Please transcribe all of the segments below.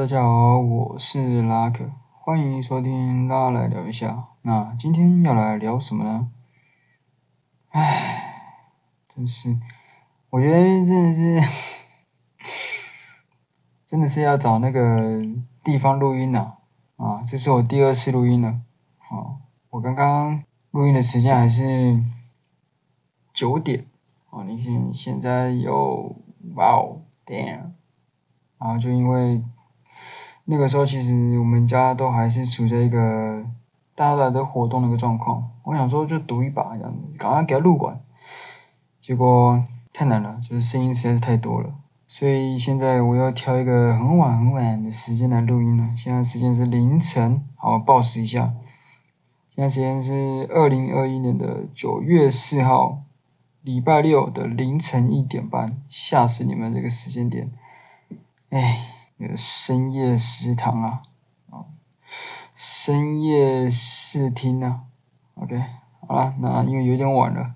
大家好，我是拉克，歡迎收聽拉來聊一下。那今天要來聊什麼呢？哎，真是，我覺得真的是，真的是要找那個地方錄音了啊，啊！這是我第二次錄音了。好，啊，我剛剛錄音的時間還是九點。哦，啊，你看現在有哇哦，Damn！啊，就因為。那個時候其實我們家都還是處在一個大家都活動的一個狀況，我想說就賭一把這樣子，剛剛給他錄過，結果太難了，就是聲音實在是太多了，所以現在我要挑一個很晚很晚的時間來錄音了。現在時間是凌晨，好，好報時一下，現在時間是二零二一年的九月四號，禮拜六的凌晨一點半，嚇死你們這個時間點，唉。那個深夜食堂啊，哦，深夜試聽呢，啊，OK，好了，那因為有點晚了，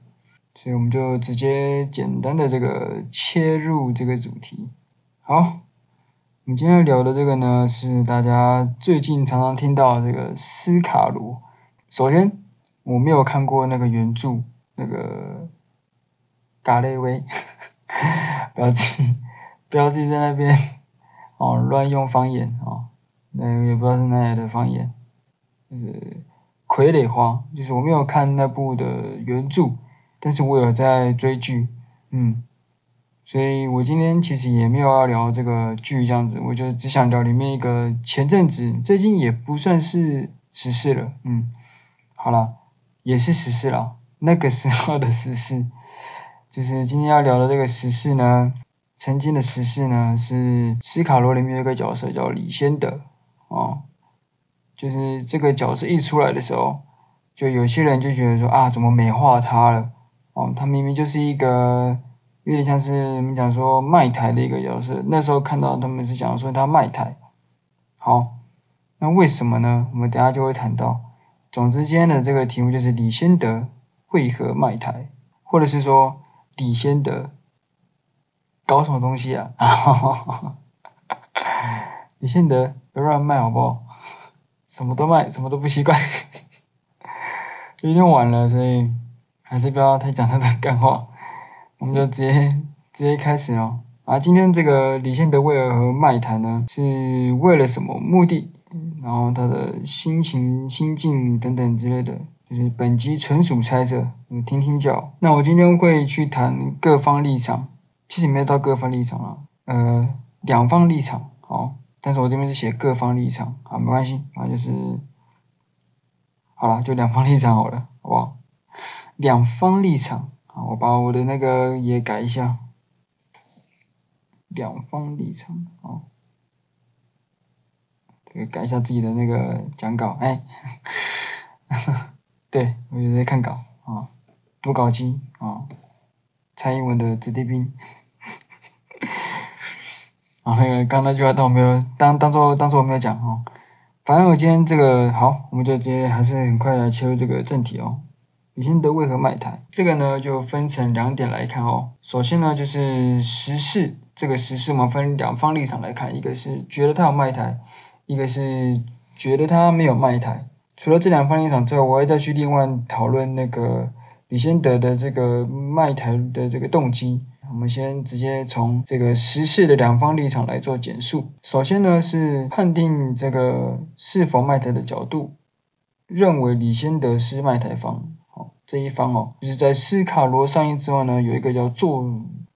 所以我們就直接簡單的這個切入這個主題。好，我們今天聊的這個呢，是大家最近常常聽到這個斯卡羅。首先，我沒有看過那個原著，那個嘎雷威， 不要記，不要記在那邊。哦，亂用方言啊，哦，那也不知道是哪裡的方言，就是傀儡花，就是我沒有看那部的原著，但是我有在追劇，嗯，所以我今天其實也沒有要聊這個劇這樣子，我就只想聊裡面一個前陣子，最近也不算是時事了，嗯，好了，也是時事了，那個時候的時事，就是今天要聊的這個時事呢。曾經的時事呢，是斯卡羅裡面有一個角色叫李仙得，哦，就是這個角色一出來的時候，就有些人就覺得說啊，怎麼美化他了？哦，他明明就是一個有點像是我們講說賣台的一個角色。那時候看到他們是講說他賣台，好，那為什麼呢？我們等下就會談到。總之今天的這個題目就是李仙得為何賣台，或者是說李仙得。搞什麼東西啊？哈哈哈哈。李仙得別亂賣，好不好？什麼都賣，什麼都不習慣。有點晚了，所以還是不要太講他的幹話，我們就直接直接開始哦。啊，今天這個李仙得為何和麥談呢，是為了什麼目的？嗯、然後他的心情心境等等之類的，就是本集純屬猜測，你、嗯、聽聽就好。那我今天會去談各方立場。其實沒有到各方立場啊，呃，兩方立場哦。但是我這邊是寫各方立場啊，沒關係啊，就是好了，就兩方立場好了，好不好？兩方立場啊，我把我的那個也改一下，兩方立場啊，哦，對，改一下自己的那個講稿，哎，欸，對，我就在看稿啊，哦，讀稿機啊，哦，蔡英文的子弟兵。啊，還有剛,剛那句話當，當,當,當我沒有當當做當做我沒有講哦。反正我今天這個好，我們就直接還是很快來切入這個正題哦。李仙得為何賣台？這個呢就分成兩點來看哦。首先呢就是時事，這個時事我們分兩方立場來看，一個是覺得他有賣台，一個是覺得他沒有賣台。除了這兩方立場之外，我會再去另外討論那個李仙得的這個賣台的這個動機。我們先直接從這個時事的兩方立場來做簡述。首先呢是判定這個是否賣台的角度，認為李仙得是賣台方。這一方哦，就是在斯卡羅上映之後呢，有一個叫做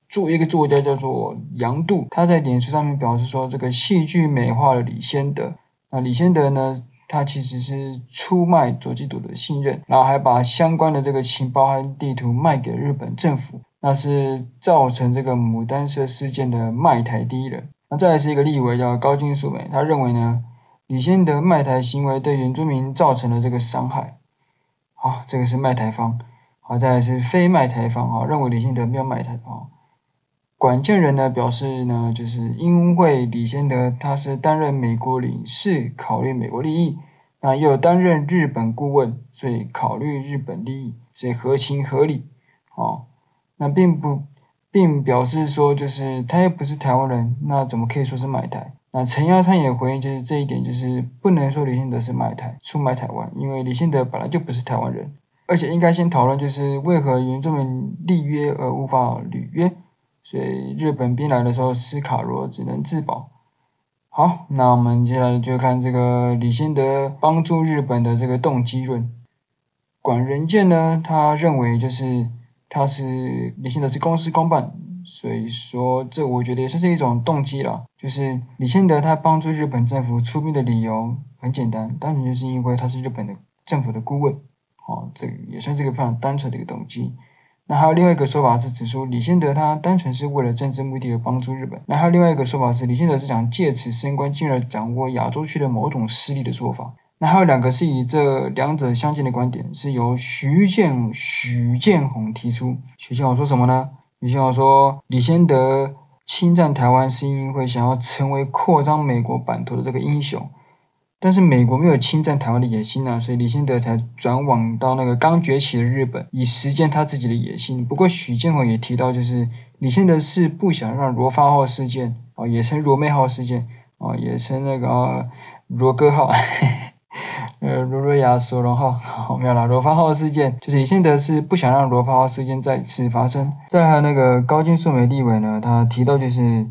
作一個作家叫做楊渡，他在臉書上面表示說，這個戲劇美化了李仙得。那李仙得呢，他其實是出賣卓杞篤的信任，然後還把相關的這個情報和地圖賣給日本政府。那是造成這個牡丹社事件的賣台第一人，那再是一個立委叫高金素梅，他認為呢，李仙得賣台行為對原住民造成了這個傷害。啊，這個是賣台方，好，再來是非賣台方啊，認為李仙得沒有賣台方。管、哦、仁健呢表示呢，就是因為李仙得他是擔任美國領事，考慮美國利益，那又擔任日本顧問，所以考慮日本利益，所以合情合理啊。哦那並不並表示說，就是他又不是台灣人，那怎麼可以說是賣台？那陳耀昌也回應就是這一點，就是不能說李仙得是賣台出賣台灣，因為李仙得本來就不是台灣人，而且應該先討論就是為何原住民立約而無法履約，所以日本兵來的時候，斯卡羅只能自保。好，那我們接下來就看這個李仙得幫助日本的這個動機論。管仁健呢，他認為就是。他是李仙得是公事公辦，所以說這我覺得也算是一種動機了。就是李仙得他幫助日本政府出兵的理由很簡單，單純就是因為他是日本的政府的顧問，哦，這也算是一個非常單純的一個動機。那還有另外一個說法是指出李仙得他單純是為了政治目的而幫助日本，那還有另外一個說法是李仙得是想借此升官，進而掌握亞洲區的某種勢力的說法。那還有兩個是以這兩者相近的觀點，是由許劍許劍虹提出。許劍虹說什麼呢？許劍虹說李仙得侵佔台灣是因為想要成為擴張美國版圖的這個英雄，但是美國沒有侵佔台灣的野心呢、啊，所以李仙得才轉往到那個剛崛起的日本，以實踐他自己的野心。不過許劍虹也提到，就是李仙得是不想讓羅發號事件哦，也稱羅妹號事件哦，也稱那個、哦、羅哥號。呵呵呃，羅瑞亞說，然後沒有啦羅發號事件，就是李仙得是不想讓羅發號事件再次發生。再還有那個高金素梅立委呢，他提到就是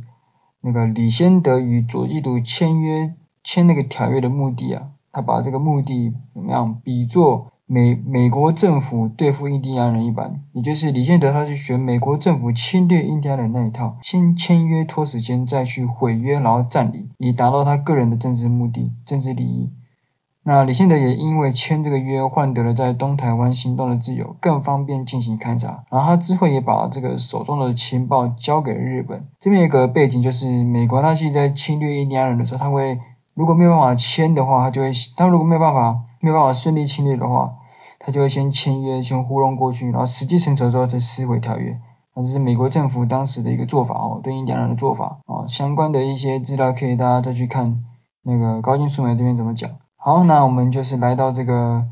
那個李仙得與卓杞篤簽約簽那個條約的目的啊，他把這個目的怎麼樣比作美美國政府對付印第安人一般，也就是李仙得，他是學美國政府侵略印第安人那一套，先簽約拖時間，再去毀約，然後占領，以達到他個人的政治目的、政治利益。那李仙得也因為簽這個約，換得了在東台灣行動的自由，更方便進行勘察。然後他之後也把這個手中的情報交給了日本。這邊一個背景就是，美國它其實在侵略印第安人的時候，他會如果沒有辦法簽的話，他就會他如果沒有辦法沒有辦法順利侵略的話，他就會先簽約，先糊弄過去，然後時機成熟之後再撕毀條約。那這是美國政府當時的一個做法哦，對印第安人的做法哦。相關的一些資料可以大家再去看那個高金素梅這邊怎麼講。好，那我們就是來到這個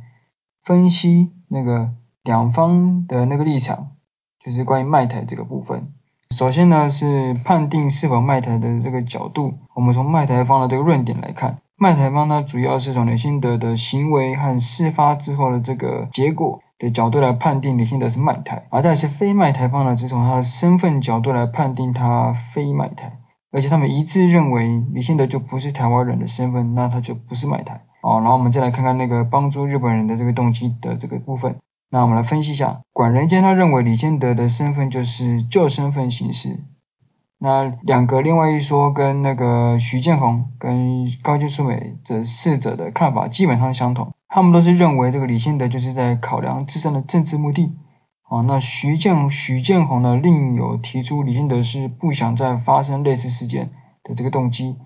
分析那個兩方的那個立場，就是關於賣台這個部分。首先呢是判定是否賣台的這個角度，我們從賣台方的這個論點來看，賣台方它，主要是從李仙得的行為和事發之後的這個結果的角度來判定李仙得是賣台，而、啊、但是非賣台方呢，就從他的身份角度來判定他非賣台，而且他們一致認為李仙得就不是台灣人的身份，那他就不是賣台。好，然後我們再來看看那個幫助日本人的這個動機的這個部分。那我們來分析一下，管仁健他認為李仙得的身份就是舊身份形式。那兩個另外一說跟那個許劍虹跟高金素梅這四者的看法基本上相同，他們都是認為這個李仙得就是在考量自身的政治目的。哦，那徐建許劍虹呢另有提出李仙得是不想再發生類似事件的這個動機。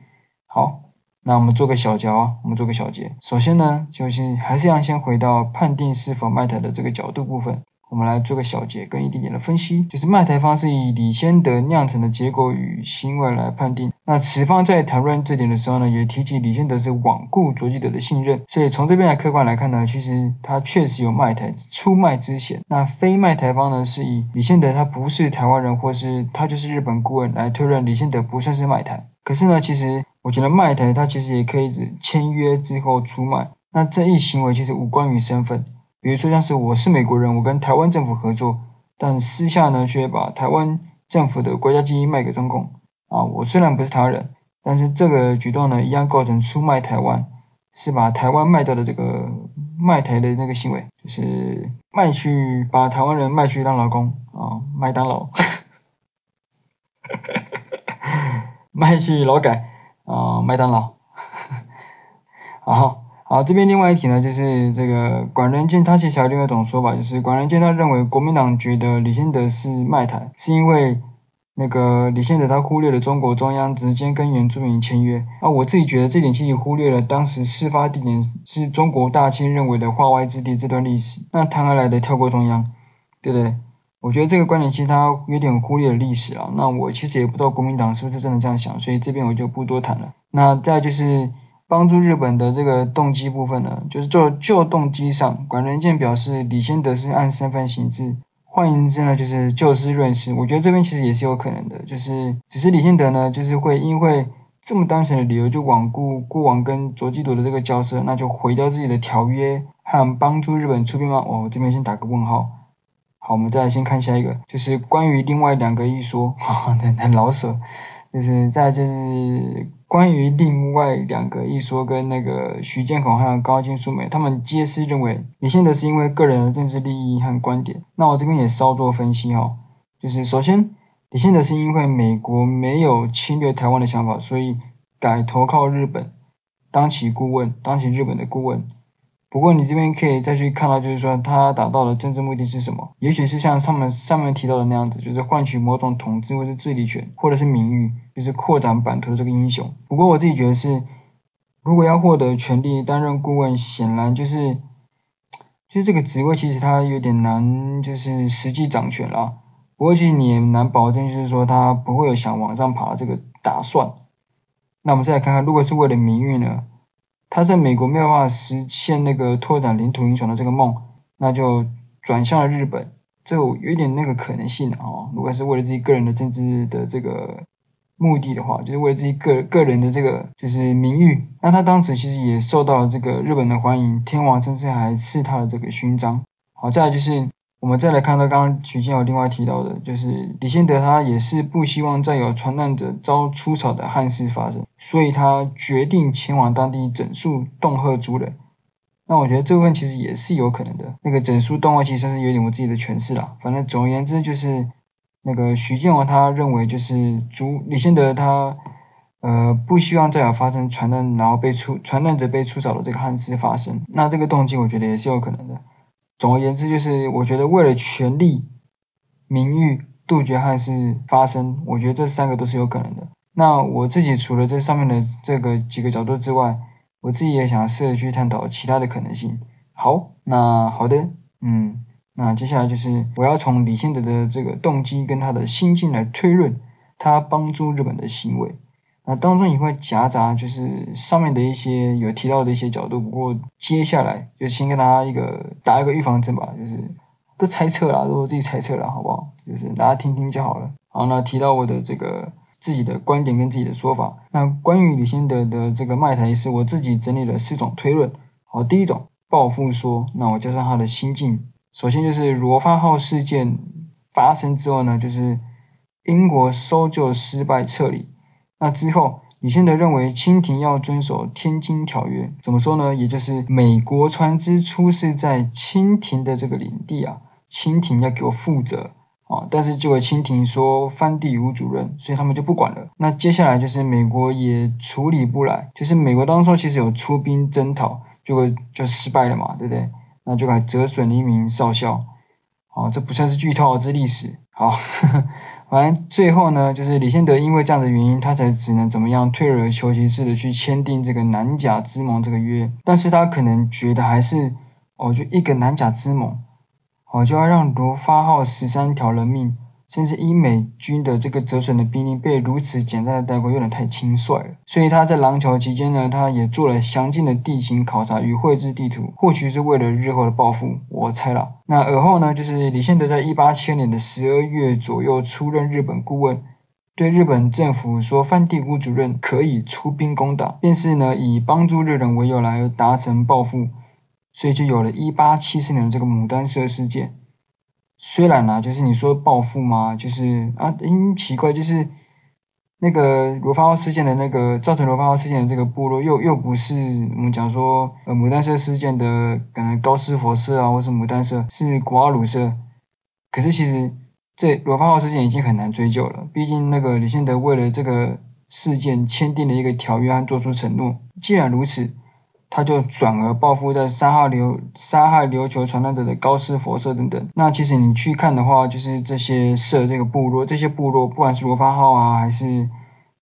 好。那我們做個小結啊，我們做個小結。首先呢，就是還是要先回到判定是否賣台的這個角度部分，我們來做個小結跟一點點的分析。就是賣台方是以李仙得釀成的結果與行為來判定，那此方在談論這點的時候呢，也提及李仙得是罔顧卓杞篤的信任，所以從這邊的客觀來看呢，其實他確實有賣台出賣之嫌。那非賣台方呢，是以李仙得他不是台灣人，或是他就是日本顧問來推論李仙得不算是賣台。可是呢，其實我覺得賣台它其實也可以指簽約之後出賣，那這一行為其實無關於身份。比如說像是我是美國人，我跟台灣政府合作，但私下呢卻把台灣政府的國家機密賣給中共啊。我雖然不是台灣人，但是這個舉動呢一樣構成出賣台灣，是把台灣賣掉的這個賣台的那個行為，就是賣去把台灣人賣去當勞工啊，麥當勞。 賣去勞改啊、呃，麥當勞。 好，好，這邊另外一題呢，就是這個管仁健，他其實還有另外一種說法，就是管仁健他認為國民黨覺得李仙得是賣台，是因為那個李仙得他忽略了中國中央直接跟原住民簽約。啊，我自己覺得這點其實忽略了當時事發地點是中國大清認為的化外之地這段歷史。那談何來的跳過中央，對不對？我覺得這個觀點其實他有點忽略了歷史啊。那我其實也不知道國民黨是不是真的這樣想，所以這邊我就不多談了。那再就是幫助日本的這個動機部分呢，就是做舊動機上，管仁健表示李仙得是按身份行事，換言之呢，就是就事論事。我覺得這邊其實也是有可能的，就是只是李仙得呢，就是會因為這麼單純的理由就罔顧過往跟卓杞篤的這個交涉，那就毀掉自己的條約，還幫助日本出兵嗎？哦，我這邊先打個問號。好，我們再來先看下一個，就是關於另外兩個一說，對，那老舍，就是在這、就是，關於另外兩個一說跟那個許劍虹還有高金素梅，他們皆是認為李仙得是因為個人的政治利益和觀點。那我這邊也稍作分析哈、哦，就是首先李仙得是因為美國沒有侵略台灣的想法，所以改投靠日本，當起顧問，當起日本的顧問。不過你這邊可以再去看到，就是說他達到的政治目的是什麼？也許是像上面上面提到的那樣子，就是換取某種統治或者治理權，或者是名譽，就是擴展版圖這個英雄。不過我自己覺得是，如果要獲得權力擔任顧問，顯然就是，就是這個職位其實他有點難，就是實際掌權了。不過其實你也難保證，就是說他不會有想往上爬的這個打算。那我們再來看看，如果是為了名譽呢？他在美國沒有辦法實現那個拓展領土英雄的這個夢，那就轉向了日本，這有一點那個可能性哦。如果是為了自己個人的政治的這個目的的話，就是為了自己個個人的這個就是名譽，那他當時其實也受到了這個日本的歡迎，天皇甚至還賜他的這個勳章。好，再來就是我們再來看到剛剛徐靜有另外提到的，就是李仙得他也是不希望再有傳難者遭出草的憾事發生。所以他決定前往當地整肅洞壑族人，那我覺得這部分其實也是有可能的。那個整肅洞壑其實是有點我自己的詮釋啦。反正總而言之就是，那個許劍虹他認為就是朱，李仙得他呃不希望再有發生船難然後被出船難者被出草的這個憾事發生。那這個動機我覺得也是有可能的。總而言之就是我覺得為了權力、名譽杜絕憾事發生，我覺得這三個都是有可能的。那我自己除了這上面的這個幾個角度之外，我自己也想試着去探討其他的可能性。好，那好的，嗯，那接下來就是我要從李仙得的這個動機跟他的心境來推論他幫助日本的行為。那當中也會夾雜就是上面的一些有提到的一些角度，不過接下來就先跟大家一個打一個預防針吧，就是都猜測啦，都自己猜測了，好不好？就是大家聽聽就好了。好，那提到我的這個。自己的觀點跟自己的說法。那關於李仙得的這個賣台，是我自己整理了四種推論。好，第一種報復說，那我加上他的心境。首先就是羅發號事件發生之後呢，就是英國搜救失敗撤離，那之後李仙得認為清廷要遵守天津條約，怎麼說呢？也就是美國船隻出事在清廷的這個領地啊，清廷要給我負責。哦，但是這個清廷說番地無主人，所以他們就不管了。那接下來就是美國也處理不來，就是美國當初其實有出兵征討，結果就失敗了嘛，對不對？那就還折損了一名少校。哦，這不算是劇透，這是歷史。好，反正呵呵最後呢，就是李仙得因為這樣的原因，他才只能怎麼樣，退而求其次的去簽訂這個南岬之盟這個約。但是他可能覺得還是哦，就一個南岬之盟。好，就要讓羅發號十三條人命，甚至英美軍的這個折損的兵力被如此簡單的帶過，有點太輕率了。所以他在瑯嶠期間呢，他也做了詳盡的地形考察與繪製地圖，或許是為了日後的報復，我猜啦。那而後呢，就是李仙得在一八七二年的十二月左右出任日本顧問，對日本政府說，范帝國主任可以出兵攻打，便是呢以幫助日人為由來達成報復。所以就有了一八七四年的這個牡丹社事件，雖然呢、啊，就是你說報復嘛？就是啊，因奇怪，就是那個羅發號事件的那個造成羅發號事件的這個部落又，又又不是我們講說呃牡丹社事件的可能高士佛社啊，或是牡丹社是古阿魯社，可是其實這羅發號事件已經很難追究了，畢竟那個李仙得為了這個事件簽訂了一個條約案，做出承諾，既然如此。他就轉而報復在殺害琉殺害琉球傳難者的高士佛社等等。那其實你去看的話，就是這些社這個部落，這些部落不管是羅發號啊，還是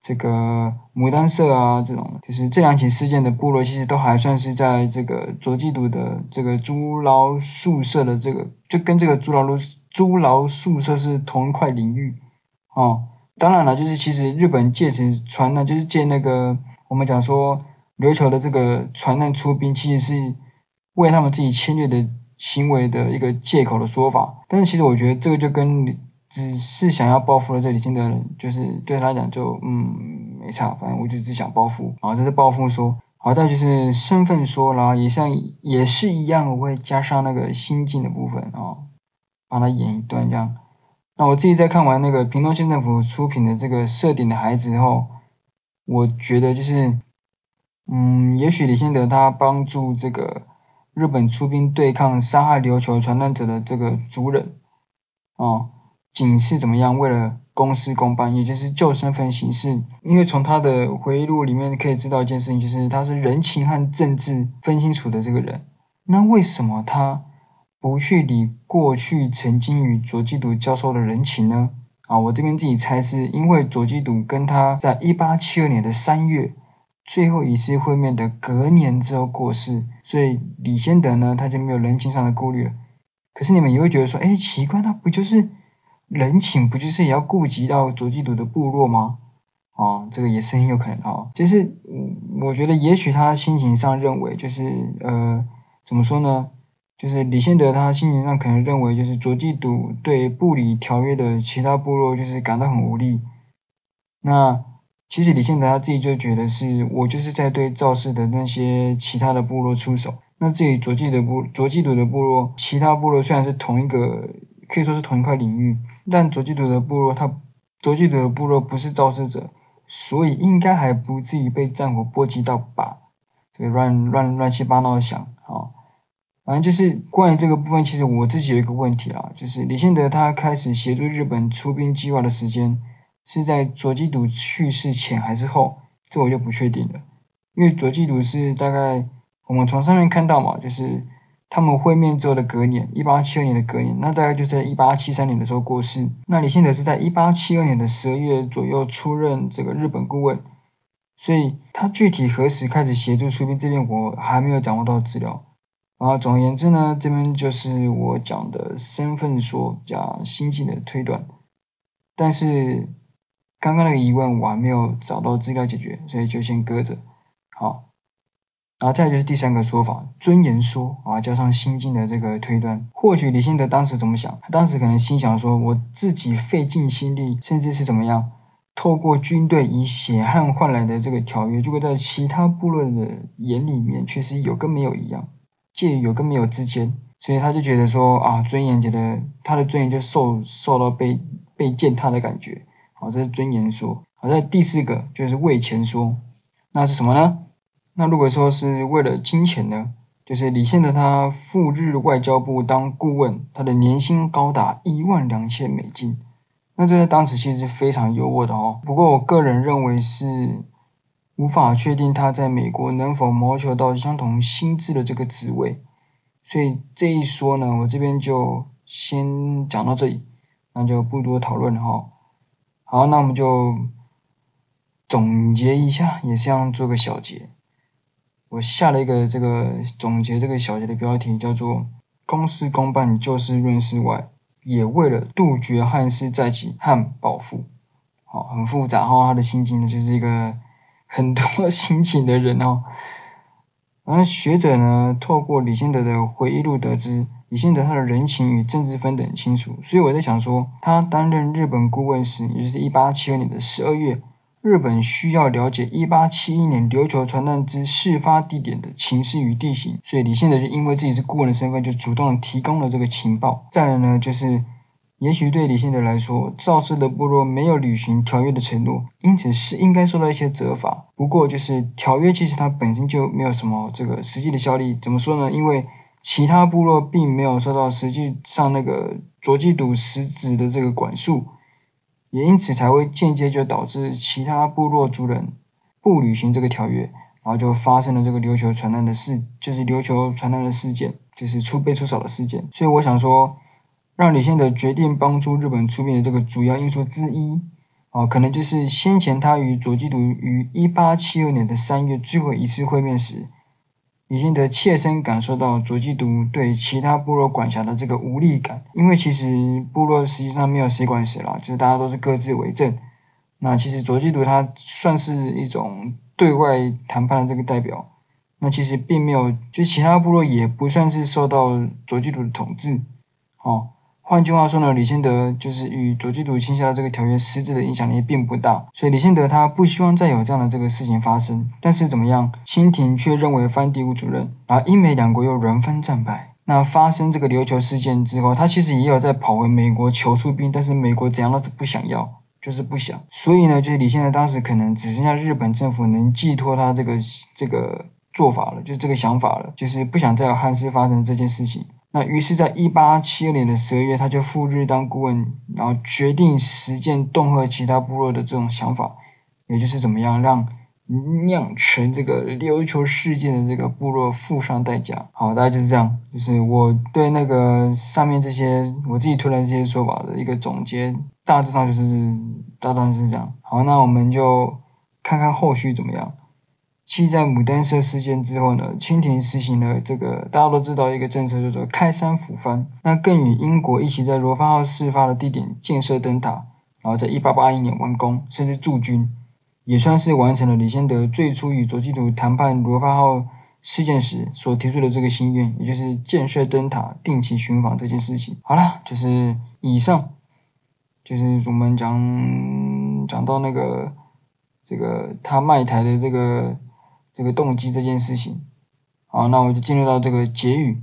這個牡丹社啊，這種，就是這兩起事件的部落，其實都還算是在這個卓杞篤的這個豬朥束社的這個，就跟這個豬朥束豬朥束社是同一塊領域哦，當然了，就是其實日本借此傳呢，就是借那個我們講說。琉球的這個船難出兵，其實是為他們自己侵略的行為的一個借口的說法。但是其實我覺得這個就跟你，只是想要報復了這李仙得的人，就是對他來講就嗯沒差，反正我就只想報復。啊、哦，後這是報復說，好，再就是身份說，然後也像也是一樣，我會加上那個心境的部分啊，幫、哦、他演一段這樣。那我自己在看完那個屏東縣政府出品的這個《社頂的孩子》後，我覺得就是。嗯，也許李仙得他幫助這個日本出兵對抗殺害琉球傳難者的這個族人，哦，僅是怎麼樣？為了公事公辦，也就是就身分行事。因為從他的回憶錄裡面可以知道一件事情，就是他是人情和政治分清楚的這個人。那為什麼他不去理過去曾經與卓杞篤交手的人情呢？啊、哦，我這邊自己猜是，因為卓杞篤跟他在一八七二年的三月。最後一次會面的隔年之後過世，所以李仙得呢，他就沒有人情上的顧慮了。可是你們也會覺得說，哎，奇怪，那不就是人情，不就是也要顧及到卓杞篤的部落嗎？哦，這個也是很有可能的。就是我我覺得，也許他心情上認為，就是呃，怎麼說呢？就是李仙得他心情上可能認為，就是卓杞篤對布里條約的其他部落就是感到很無力。那其實李仙得他自己就覺得是我就是在對肇事的那些其他的部落出手。那至於卓杞篤的部卓杞篤的部落，其他部落雖然是同一個可以說是同一塊領域，但卓杞篤的部落他卓杞篤的部落不是肇事者，所以應該還不至於被戰火波及到吧？這個亂亂亂七八糟的想啊，反正就是關於這個部分，其實我自己有一個問題啊，就是李仙得他開始協助日本出兵計劃的時間。是在卓杞篤去世前還是後，這我就不確定了。因為卓杞篤是大概我們從上面看到嘛，就是他們會面之後的隔年，一八七二年的隔年，那大概就是在一八七三年的時候過世。那李仙得是在一八七二年的十二月左右出任這個日本顧問，所以他具體何時開始協助出兵這邊我還沒有掌握到資料。然後總而言之呢，這邊就是我講的身份說加心境的推斷，但是。剛剛那個疑問我還沒有找到資料解決，所以就先擱着。好，然、啊、後再就是第三個說法，尊嚴說啊，加上心境的這個推斷。或許李仙得當時怎麼想？他當時可能心想說：我自己費盡心力，甚至是怎麼樣，透過軍隊以血汗換來的這個條約，就會在其他部落的眼裡面，確實有跟沒有一樣，介於有跟沒有之間，所以他就覺得說啊，尊嚴，覺得他的尊嚴就受受到被被踐踏的感覺。好，這是尊嚴說。好，在第四個就是為錢說，那是什麼呢？那如果說是為了金錢呢？就是李仙得他赴日外交部當顧問，他的年薪高達一萬兩千美金，那這個當時其實是非常優渥的哦。不過我個人認為是無法確定他在美國能否謀求到相同薪資的這個職位，所以這一說呢，我這邊就先講到這裡，那就不多討論了哈、哦。好，那我們就總結一下，也是要做個小結。我下了一個這個總結這個小結的標題，叫做“公事公辦就是私，就事論事”，外也為了杜絕憾事再起和報復。好，很複雜哦。哈，他的心情呢，就是一個很多心情的人哦。而學者呢，透過李仙得的回憶錄得知，李仙得他的人情與政治分得很清楚，所以我在想說，他擔任日本顧問時，也就是一八七二年的十二月，日本需要了解一八七一年琉球船難之事發地點的情勢與地形，所以李仙得就因為自己是顧問的身份，就主動提供了這個情報。再來呢，就是也許對李仙得來說，肇事的部落沒有履行條約的承諾，因此是應該受到一些責罰。不過就是條約其實它本身就沒有什麼這個實際的效力，怎麼說呢？因為其他部落並沒有受到實際上那個卓杞篤實質的這個管束，也因此才會間接就導致其他部落族人不履行這個條約，然後就發生了這個琉球船難的事，就是琉球船難的事件，就是出被出少的事件。所以我想說，讓李仙得決定幫助日本出兵的這個主要因素之一，哦，可能就是先前他與卓杞篤於一八七二年的三月最後一次會面時。已經得切身感受到卓杞篤對其他部落管轄的這個無力感，因為其實部落實際上沒有誰管誰啦，就是大家都是各自為政。那其實卓杞篤它算是一種對外談判的這個代表，那其實並沒有，就其他部落也不算是受到卓杞篤的統治，哦。換句話說呢，李仙得就是與卓杞篤簽下的這個條約，實質的影響力並不大，所以李仙得他不希望再有這樣的這個事情發生。但是怎麼樣，清廷卻認為藩地無主任，而英美兩國又輪番戰敗。那發生這個琉球事件之後，他其實也有在跑回美國求出兵，但是美國怎樣都不想要，就是不想。所以呢，就是李仙得當時可能只剩下日本政府能寄托他這個這個。做法了，就是這個想法了，就是不想再有憾事發生這件事情。那於是，在1872年的12月，他就赴日當顧問，然後決定實踐恫嚇其他部落的這種想法，也就是怎麼樣讓釀成這個琉球事件的這個部落負上代價。好，大概就是這樣，就是我對那個上面這些我自己推斷這些說法的一個總結。大致上就是，大概就是這樣。好，那我們就看看後續怎麼樣。七，在牡丹社事件之後呢，清廷實行了這個大家都知道一個政策，叫做“開山撫番”。那更與英國一起在羅發號事發的地點建設燈塔，然後在1881年完工，甚至駐軍，也算是完成了李仙得最初與卓杞篤談判羅發號事件時所提出的這個心願，也就是建設燈塔、定期巡訪這件事情。好了，就是以上，就是我們講講到那個這個他賣台的這個。這個動機這件事情，好，那我就進入到這個結語，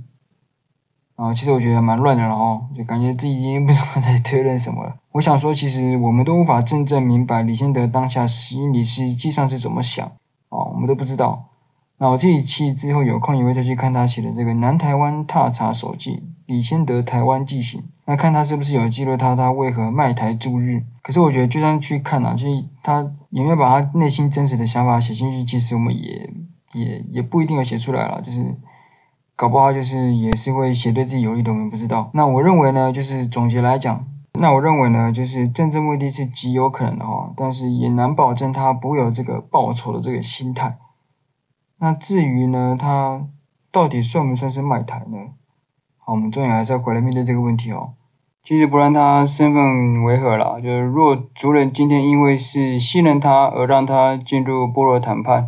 啊，其實我覺得蠻亂的了哦，就感覺自己已經不知道在推論什麼了。我想說，其實我們都無法真正明白李仙得當下心裡實際上是怎麼想啊，我們都不知道。那我這一期之後有空也會再去看他寫的這個《南台灣踏查手記》《李仙得台灣紀行》。那看他是不是有記錄他他為何賣台助日？可是我覺得就算去看啊，就是他有沒有把他內心真實的想法寫進去，其實我們也也也不一定有寫出來了，就是搞不好就是也是會寫對自己有利的，我們不知道。那我認為呢，就是總結來講，那我認為呢，就是政治目的是極有可能的哈，但是也難保證他不會有這個報仇的這個心態。那至於呢，他到底算不算是賣台呢？好，我們終於還是要回來面對這個問題哦。其實不然，他身份違和了，就是若族人今天因為是信任他而讓他進入部落談判，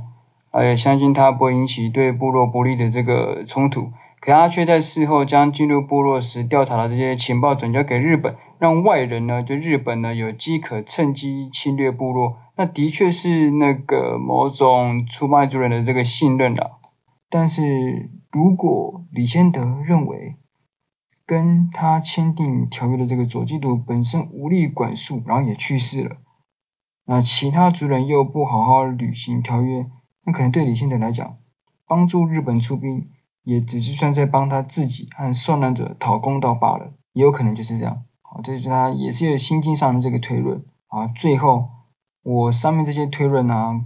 而且相信他不會引起對部落不利的這個衝突，可他卻在事後將進入部落時調查的這些情報轉交給日本，讓外人呢就日本呢有機可趁機侵略部落，那的確是那個某種出賣族人的這個信任了。但是如果李仙得認為，跟他簽訂條約的這個卓杞篤本身無力管束，然後也去世了。那其他族人又不好好履行條約，那可能對李仙得來講，幫助日本出兵也只是算在幫他自己和受難者討公道罷了，也有可能就是這樣。啊，這、就是他也是有心境上的這個推論。啊，最後我上面這些推論呢、啊，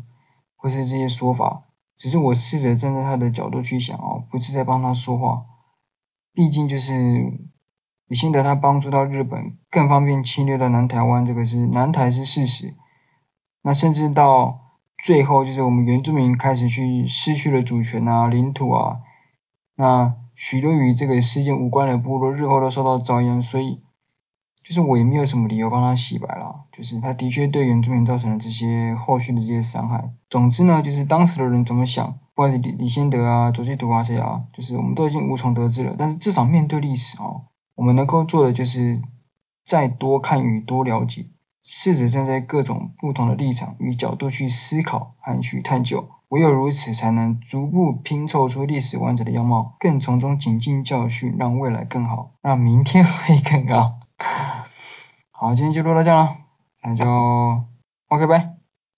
或是這些說法，只是我試着站在他的角度去想，哦，不是在幫他說話。畢竟就是李仙得他幫助到日本，更方便侵略到南台灣，這個是南台是事實。那甚至到最後，就是我們原住民開始去失去了主權啊、領土啊。那許多與這個事件無關的部落，日後都受到遭殃，所以。就是我也沒有什麼理由幫他洗白了，就是他的確對原住民造成了這些後續的這些傷害。總之呢，就是當時的人怎麼想，不管是李李仙得啊、卓杞篤啊誰啊，就是我們都已經無從得知了。但是至少面對歷史哦，我們能夠做的就是再多看與多了解，試着站在各種不同的立場與角度去思考和去探究。唯有如此，才能逐步拼湊出歷史完整的樣貌，更從中警戒教訓，讓未來更好，讓明天會更好。好，今天就錄到這了，那就 OK，掰。